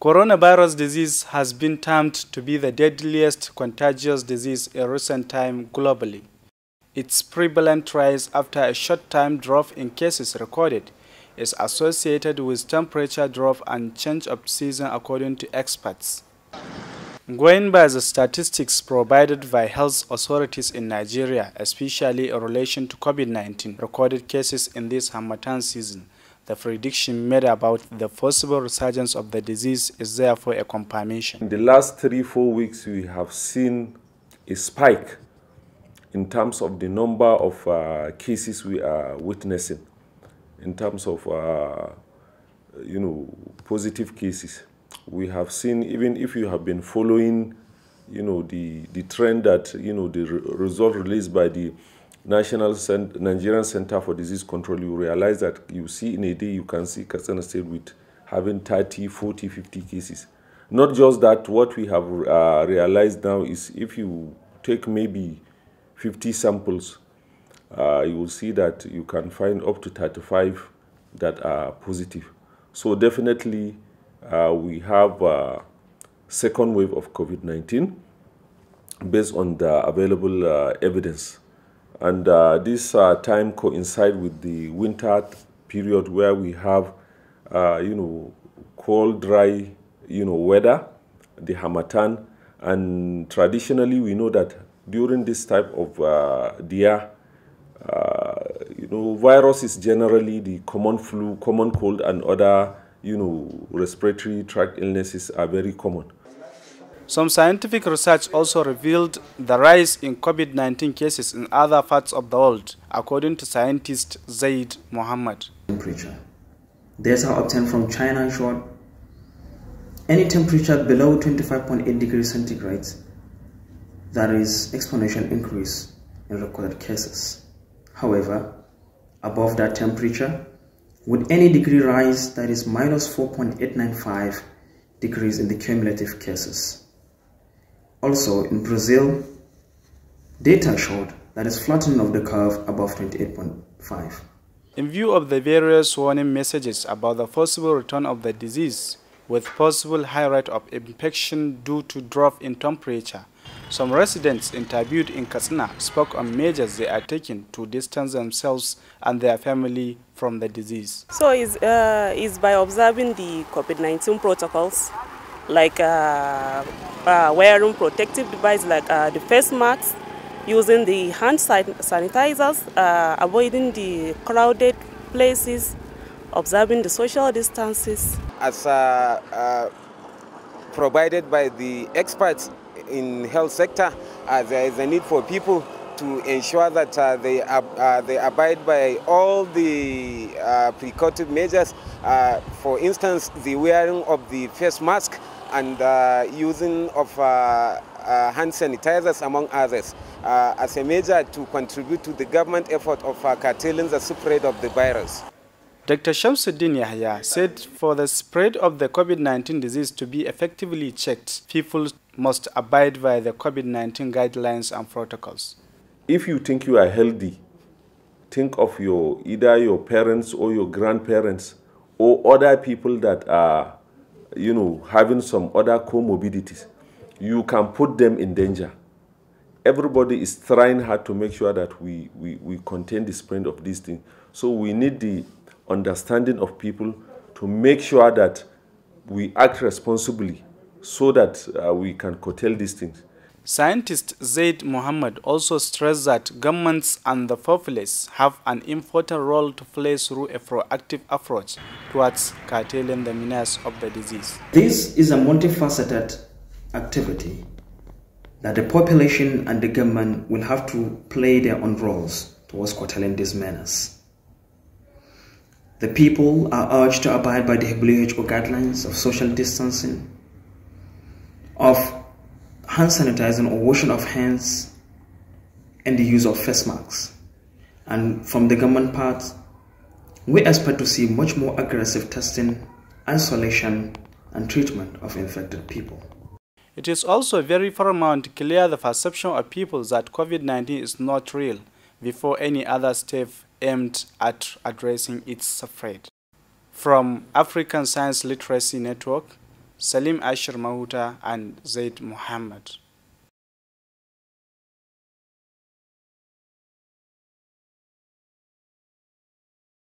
Coronavirus disease has been termed to be the deadliest contagious disease in recent time globally. Its prevalent rise after a short-time drop in cases recorded is associated with temperature drop and change of season according to experts. Going by the statistics provided by health authorities in Nigeria, especially in relation to COVID-19 recorded cases in this Hamatan season, the prediction made about the possible resurgence of the disease is therefore a confirmation. In the last three, four weeks, we have seen a spike in terms of the number of uh, cases we are witnessing, in terms of, uh, you know, positive cases. We have seen, even if you have been following, you know, the, the trend that, you know, the result released by the National Cent Nigerian Center for Disease Control, you realize that you see in a day, you can see Katsina State with having 30, 40, 50 cases. Not just that, what we have uh, realized now is if you take maybe 50 samples, uh, you will see that you can find up to 35 that are positive. So definitely uh, we have a second wave of COVID-19 based on the available uh, evidence. And uh, this uh, time coincides with the winter period where we have, uh, you know, cold, dry, you know, weather, the hamatan. And traditionally, we know that during this type of year, uh, uh, you know, virus is generally the common flu, common cold, and other, you know, respiratory tract illnesses are very common. Some scientific research also revealed the rise in COVID-19 cases in other parts of the world, according to scientist Zaid Mohammed. Temperature. These are obtained from China Short. any temperature below 25.8 degrees centigrade, That is exponential increase in recorded cases. However, above that temperature, with any degree rise, that is minus 4.895 degrees in the cumulative cases. Also in Brazil, data showed that is flattening of the curve above 28.5. In view of the various warning messages about the possible return of the disease with possible high rate of infection due to drop in temperature, some residents interviewed in Katsina spoke on measures they are taking to distance themselves and their family from the disease. So it's, uh, it's by observing the COVID-19 protocols like uh, uh, wearing protective devices like uh, the face masks, using the hand sanitizers, avoiding the crowded places, observing the social distances. As provided by the experts in health sector, there is a need for people to ensure that uh, they, uh, they abide by all the uh, precautive measures. Uh, for instance, the wearing of the face mask and uh, using of uh, hand sanitizers, among others, as a measure to contribute to the government effort of curtailing the spread of the virus. Dr. Shamsuddin Yahya said for the spread of the COVID-19 disease to be effectively checked, people must abide by the COVID-19 guidelines and protocols if you think you are healthy, think of your either your parents or your grandparents or other people that are, you know, having some other comorbidities. You can put them in danger. Everybody is trying hard to make sure that we, we, we contain the spread of these things. So we need the understanding of people to make sure that we act responsibly so that uh, we can curtail these things. Scientist Zaid Mohammed also stressed that governments and the populace have an important role to play through a proactive approach towards curtailing the menace of the disease. This is a multifaceted activity that the population and the government will have to play their own roles towards curtailing this menace. The people are urged to abide by the WHO guidelines of social distancing, hand sanitizing or washing of hands and the use of face masks. And from the government part, we expect to see much more aggressive testing, isolation, and treatment of infected people. It is also very paramount to clear the perception of people that COVID-19 is not real before any other step aimed at addressing its spread. From African Science Literacy Network, Salim Ashir Mahuta and Zaid Muhammad.